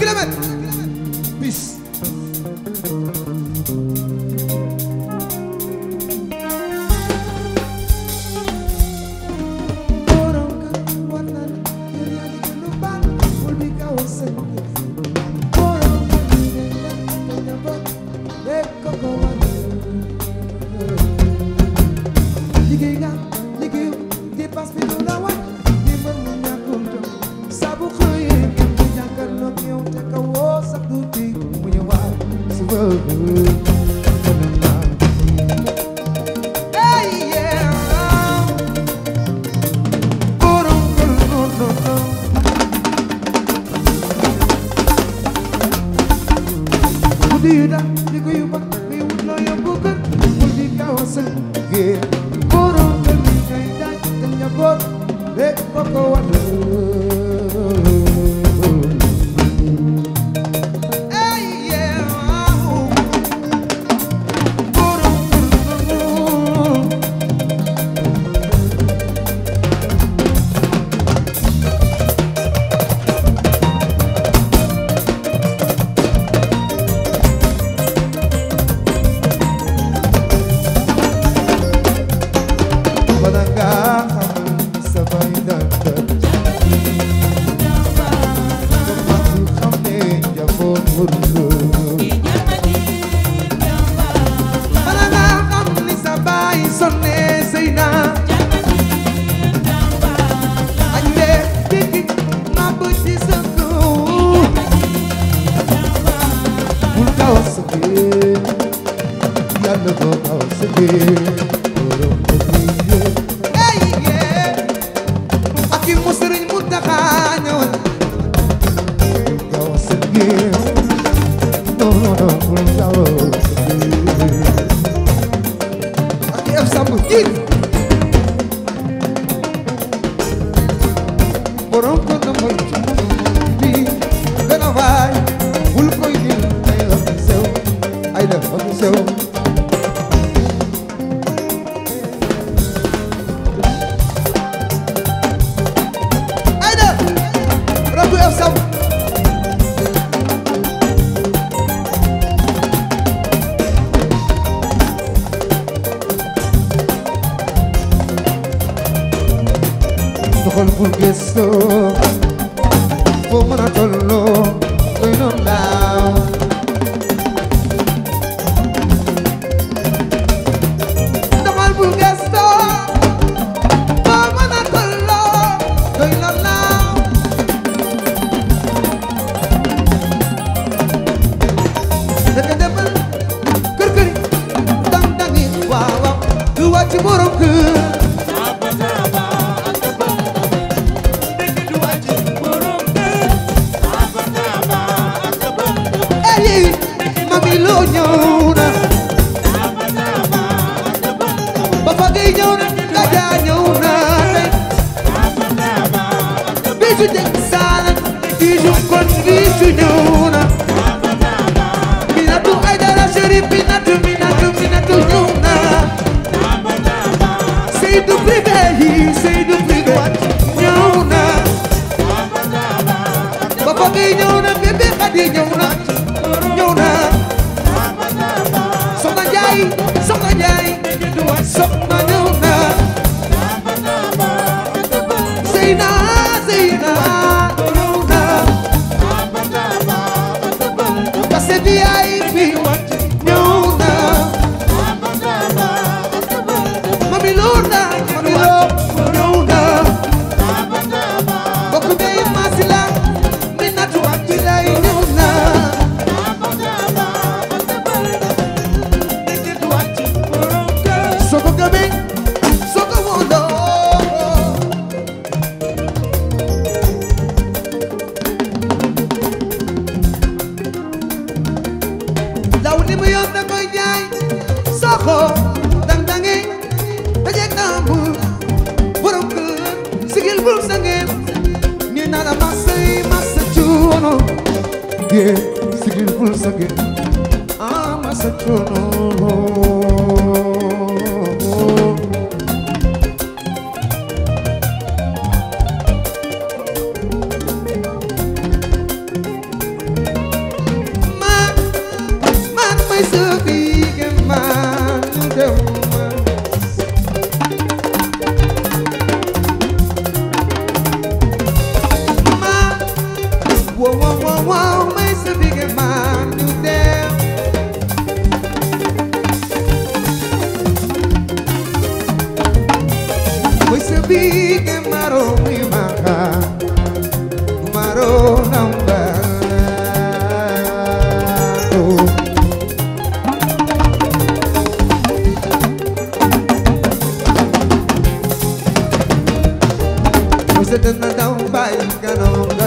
agreement. Peace.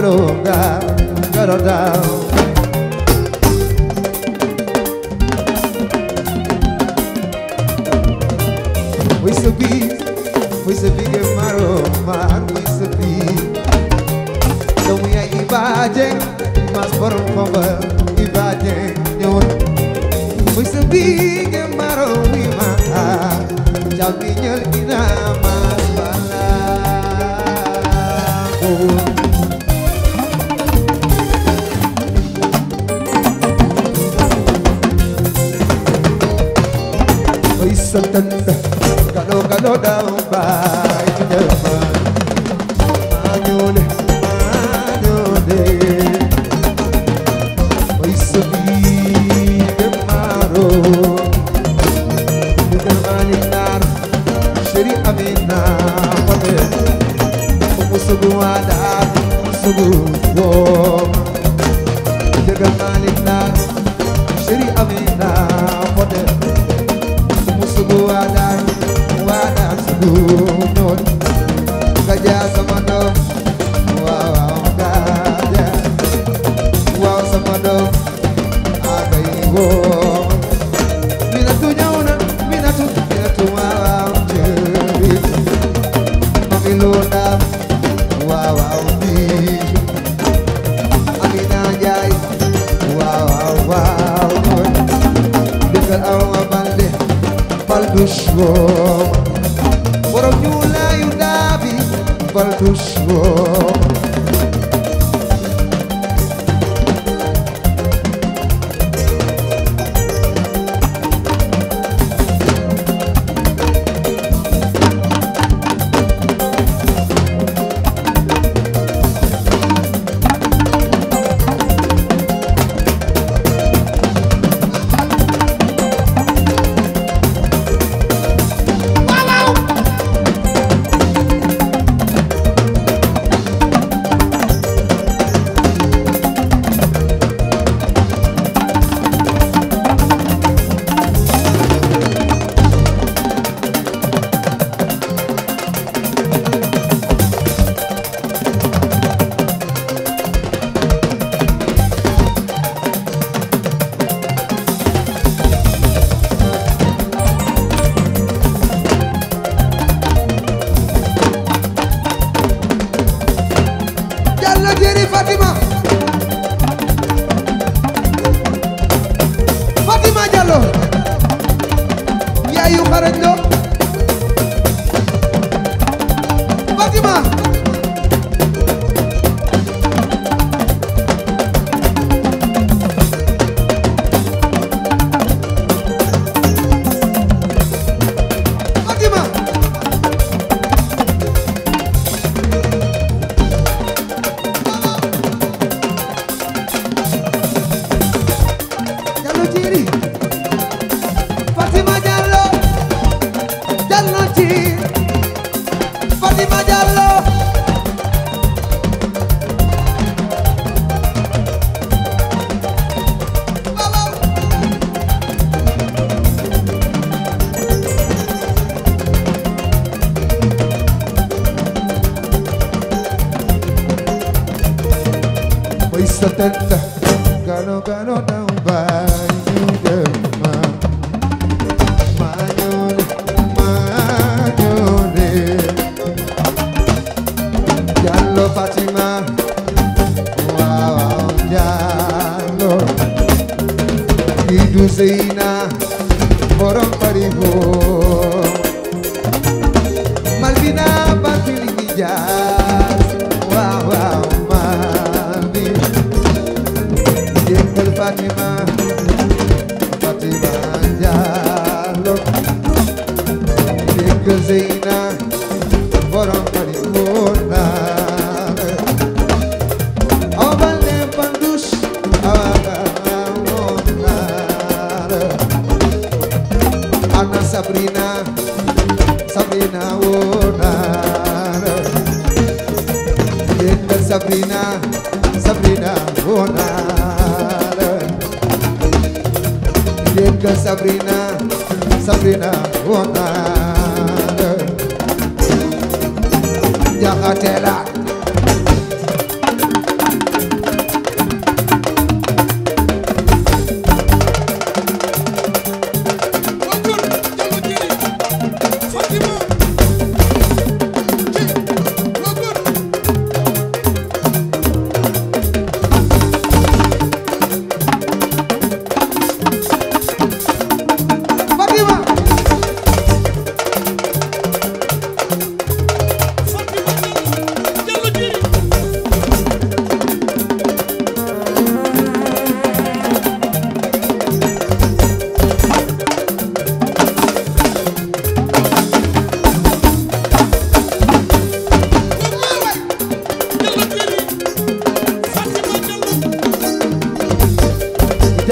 Malunga Garodao Muisabi, Muisabi ge maromba Muisabi Dumuya ibaje mas borom famba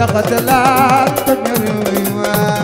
دخلت لا تقريبا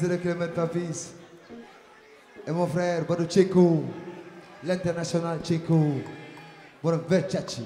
Désiré Clément Papis. Et mon frère Badou Tcheko, l'international Tcheko. Borom Verchachi.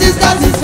cidade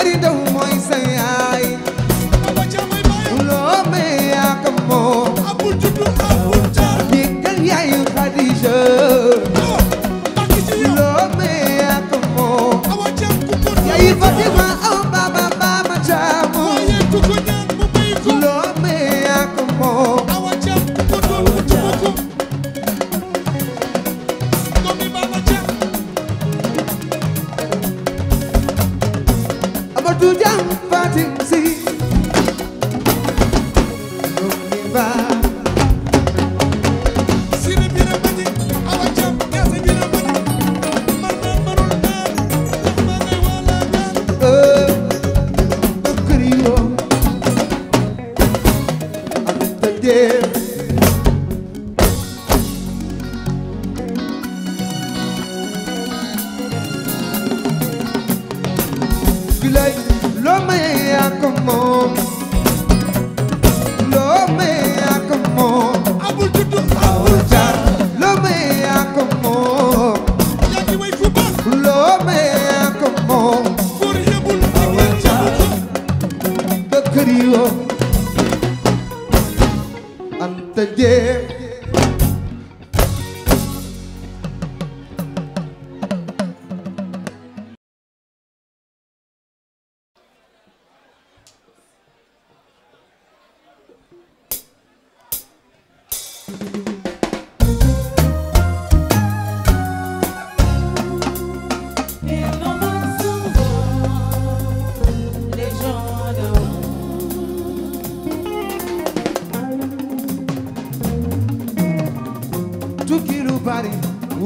bari daw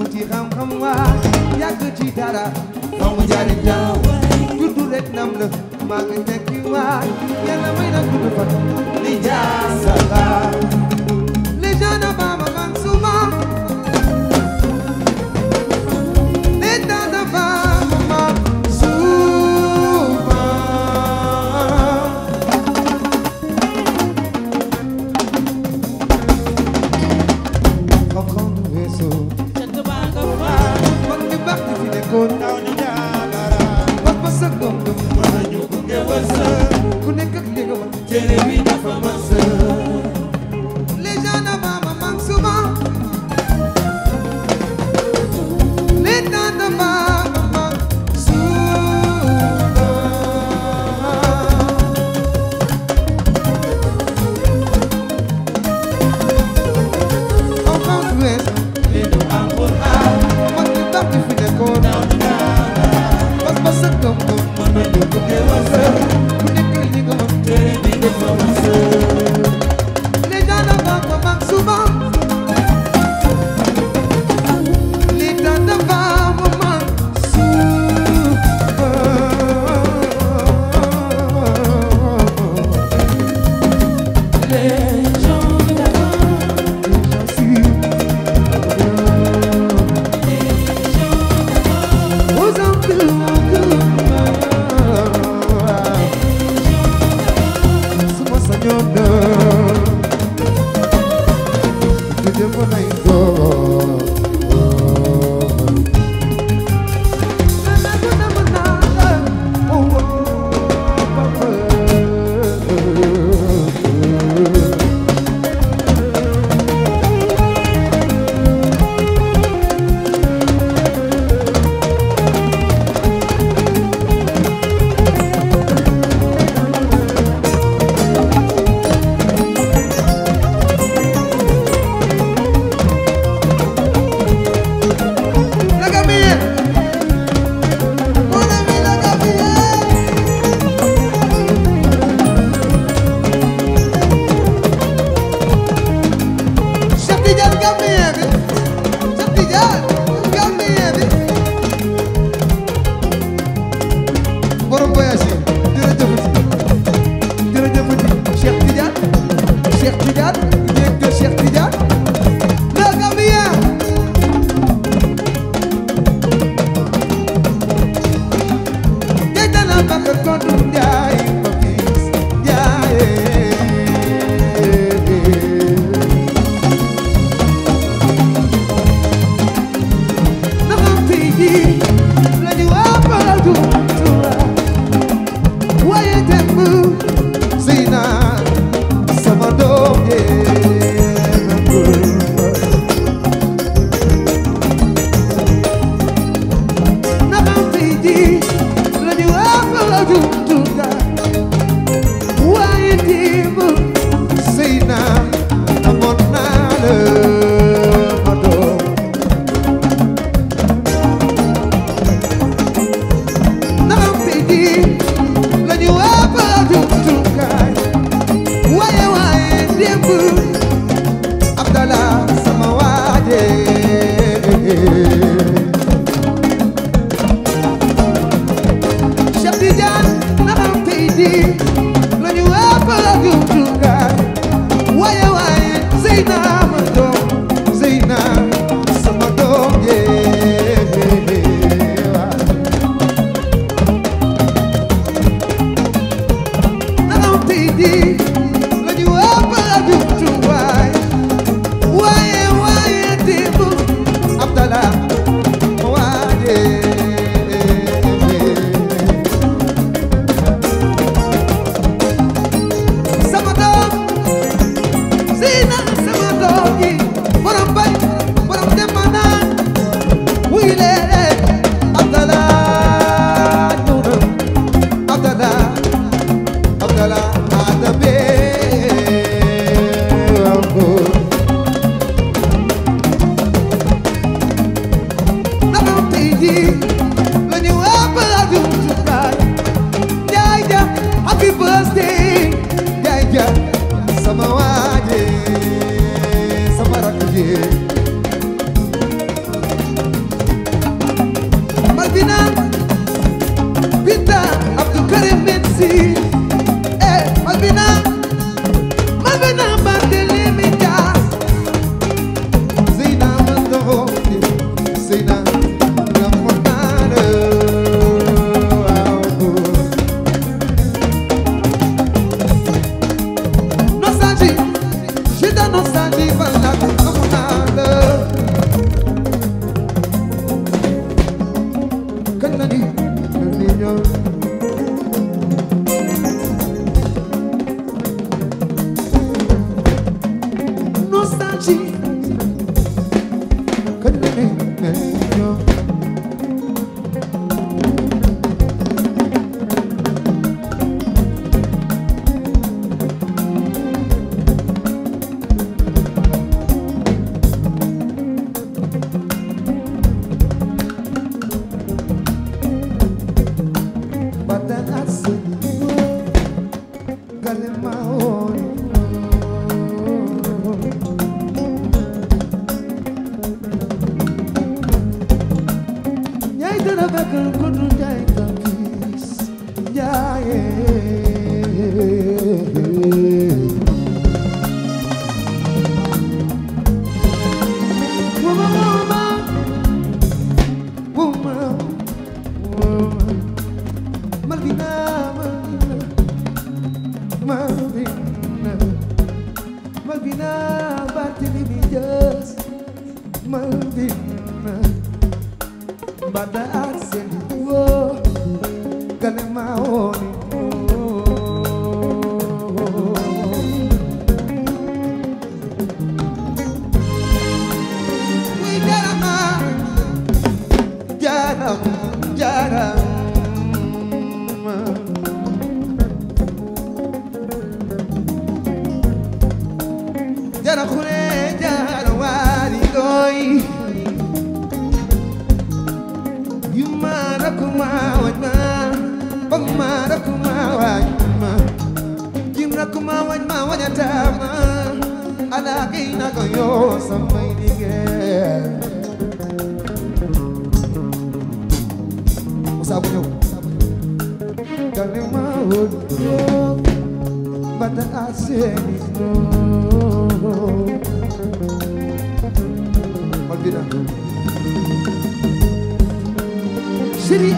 yëngu ci xam-xam waa yàgg ci dara doomu jaari daaw juddu rek nam la maa ngi nekk waa yàlla may na gudd fan li jaasala Te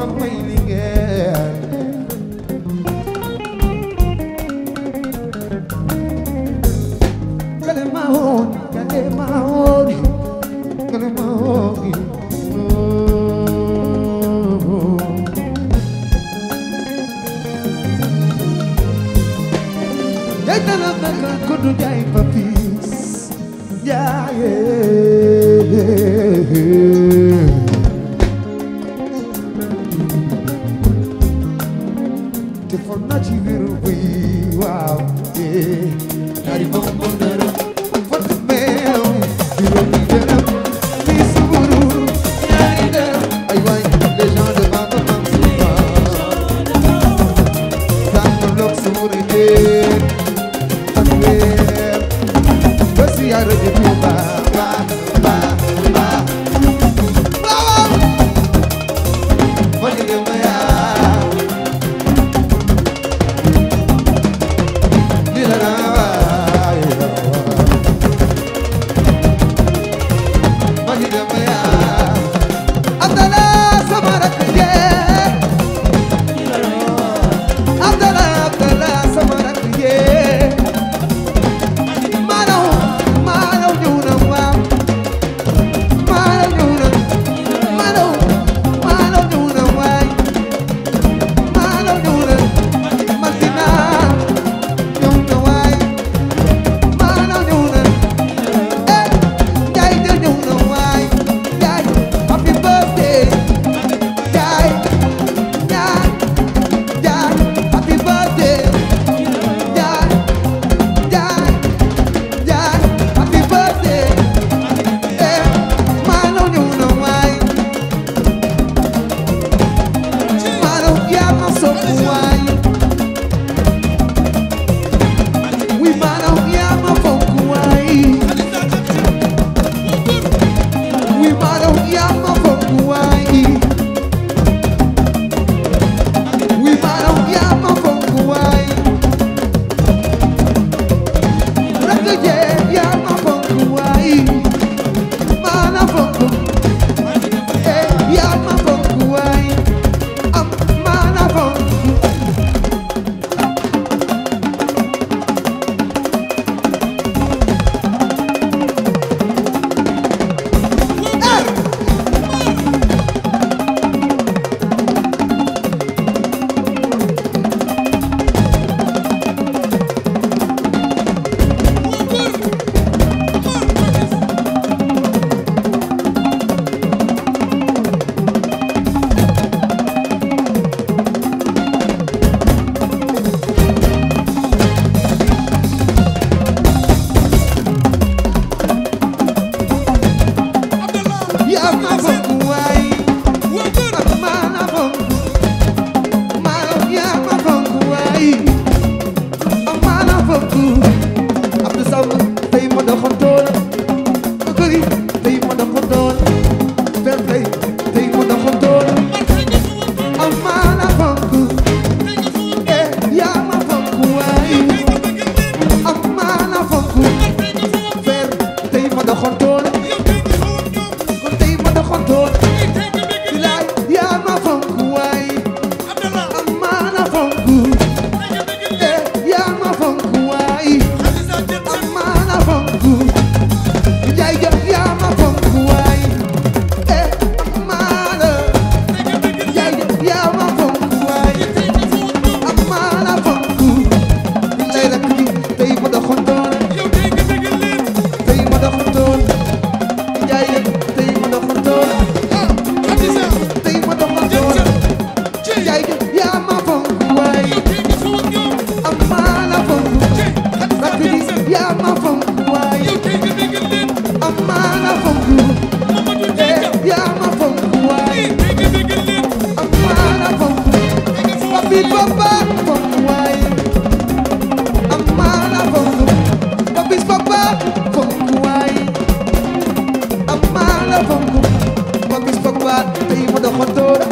some waiting. Gracias. fonk ma gis foog baat tey ma doxantoora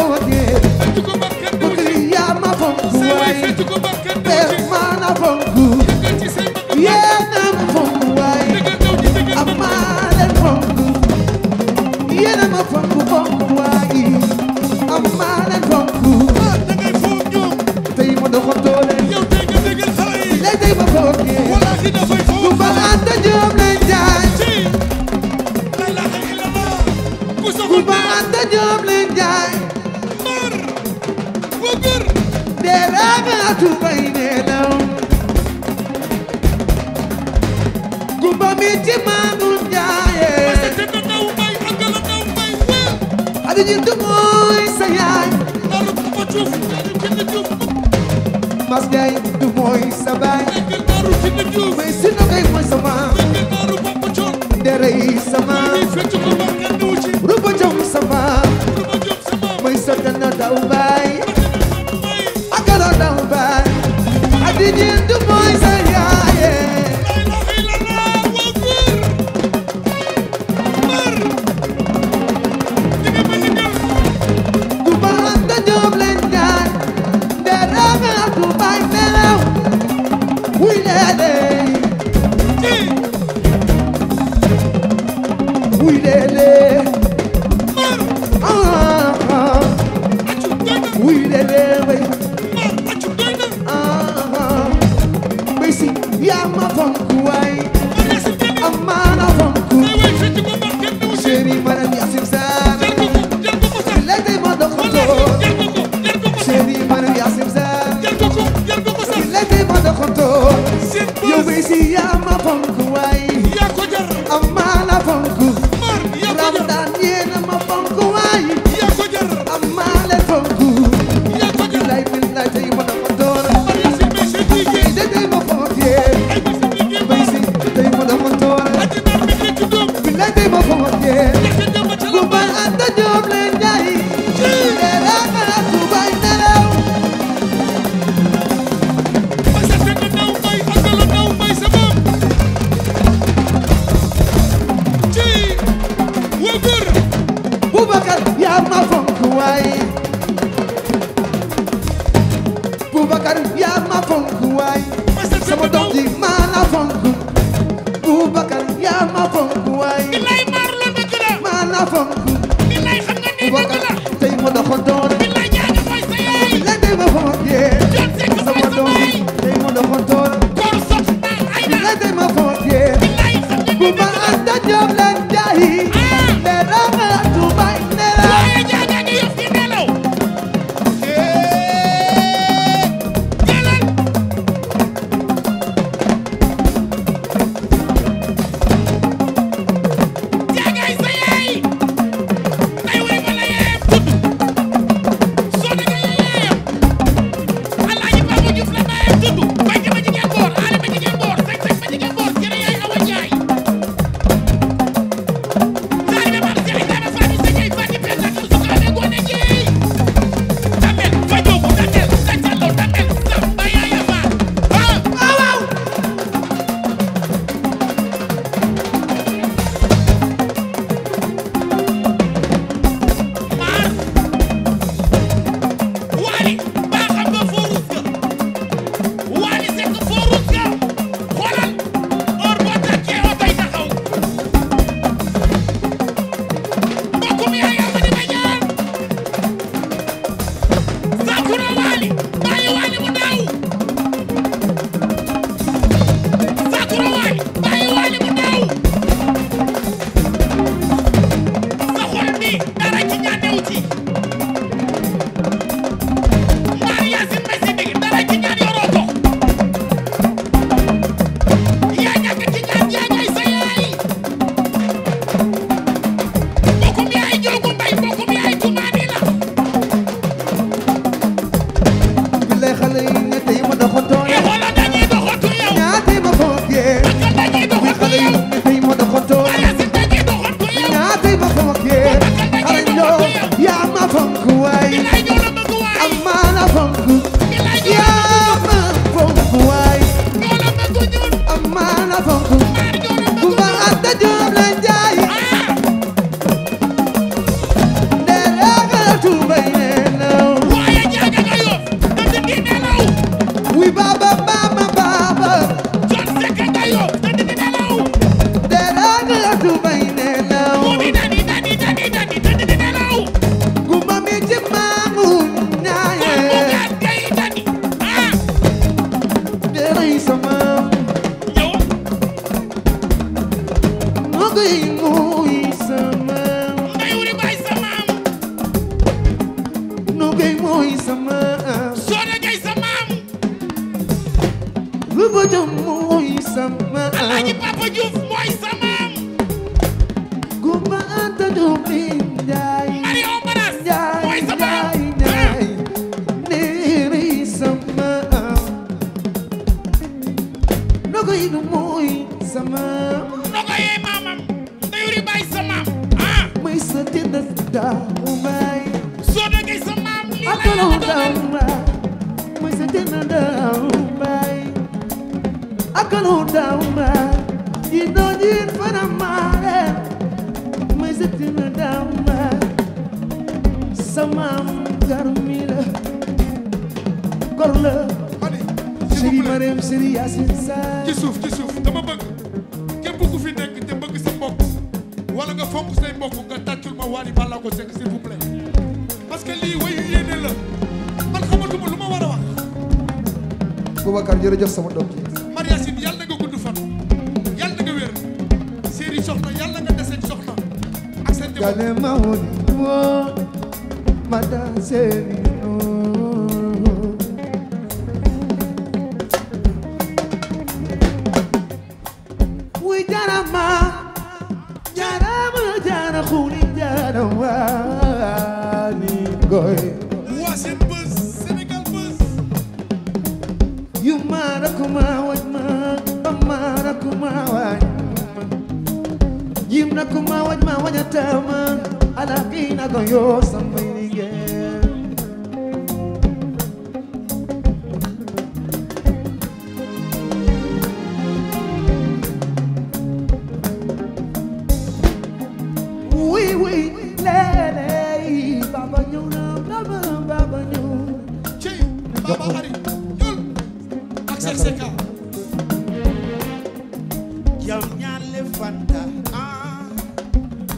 foge. Bëgg yaa ma fonk waay. Bëgg maa na fonk sa baay may si na kay mooy sama derey sama ruba jom sama may sa dana daw baay agana daw baay adinyen du mooy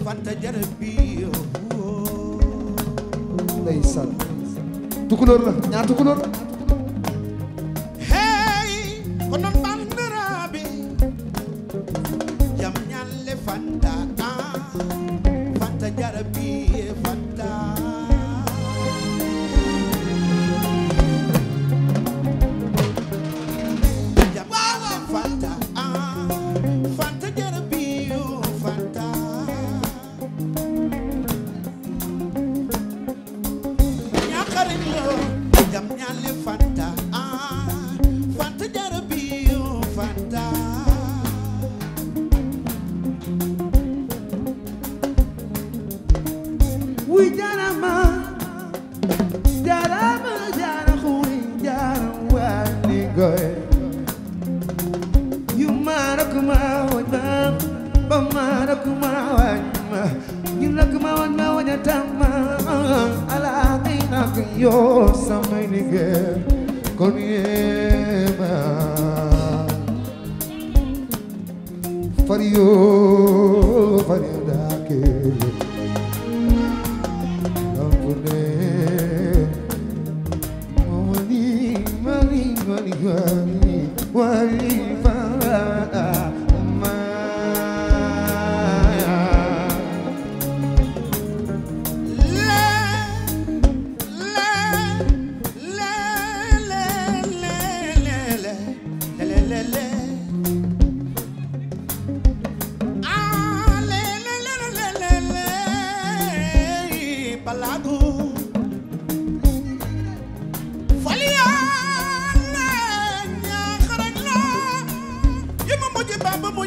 fanta jërë bi oh, oh. ndeysaan tukulóor la ñaar tukulóor Remember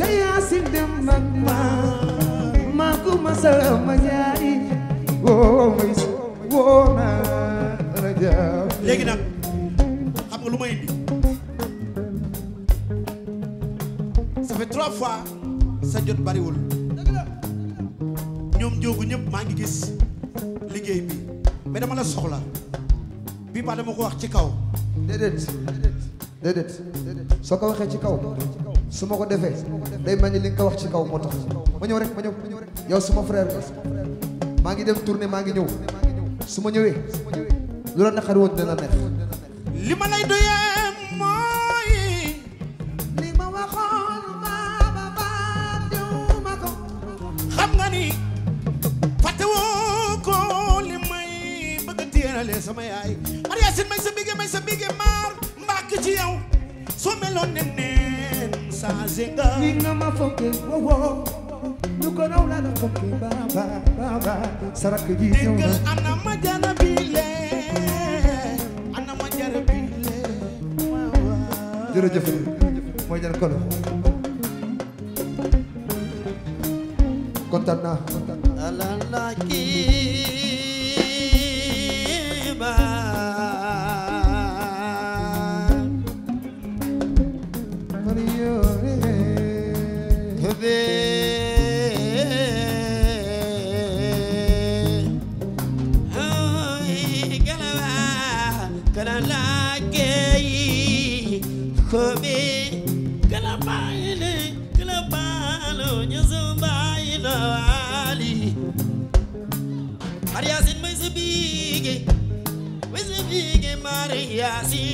te yaa ma salama jaay léegi nag xam nga lu may indi ça fait trois fois sa jot bariwul ñoom jóogu ñëpp maa ngi gis liggéey bi mais dama la soxla bii ba dama ko wax ci kaw déedéet soo ko waxee ci kaw su eh. ya, ma ko defee day mañ li nga wax ci kaw motax ma ñew rek ma ñew yow suma frère ma ngi dem tourner ma ngi ñew suma ñewé lu la naqari won dina neex lima lay doye moy lima waxon ma ba ba baadiw ma ko xam nga ni wo ko limay may bëgg téralé sama yaay Mariasin may sa bigé may sa bigé mar mbak ci yow so melone nene changé nga ni a ma fonke wowo lu ko raw la la fonke baba baba sarak ji ñëw na ana ma jana bile ana ma jara bile jërëjëf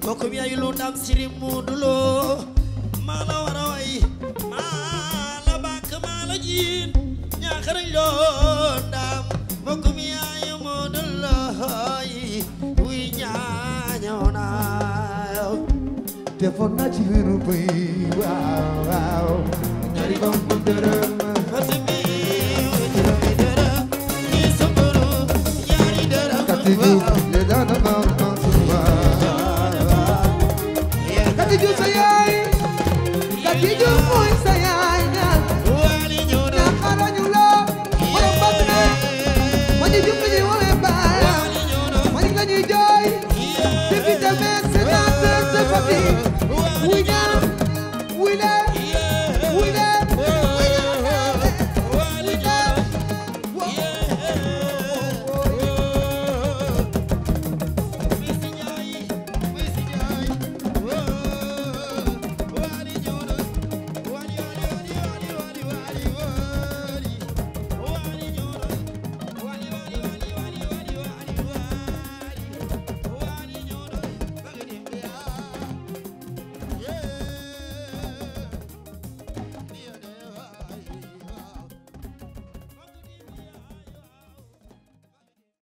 koko wiya yulu ɗam siri mudulo mala waraway mala bak mala jin ñakarañ lo ndam koko wiya yo muduloy wi ñañawna defon na ci wiru bay waaw waaw ñari bam bu dërëm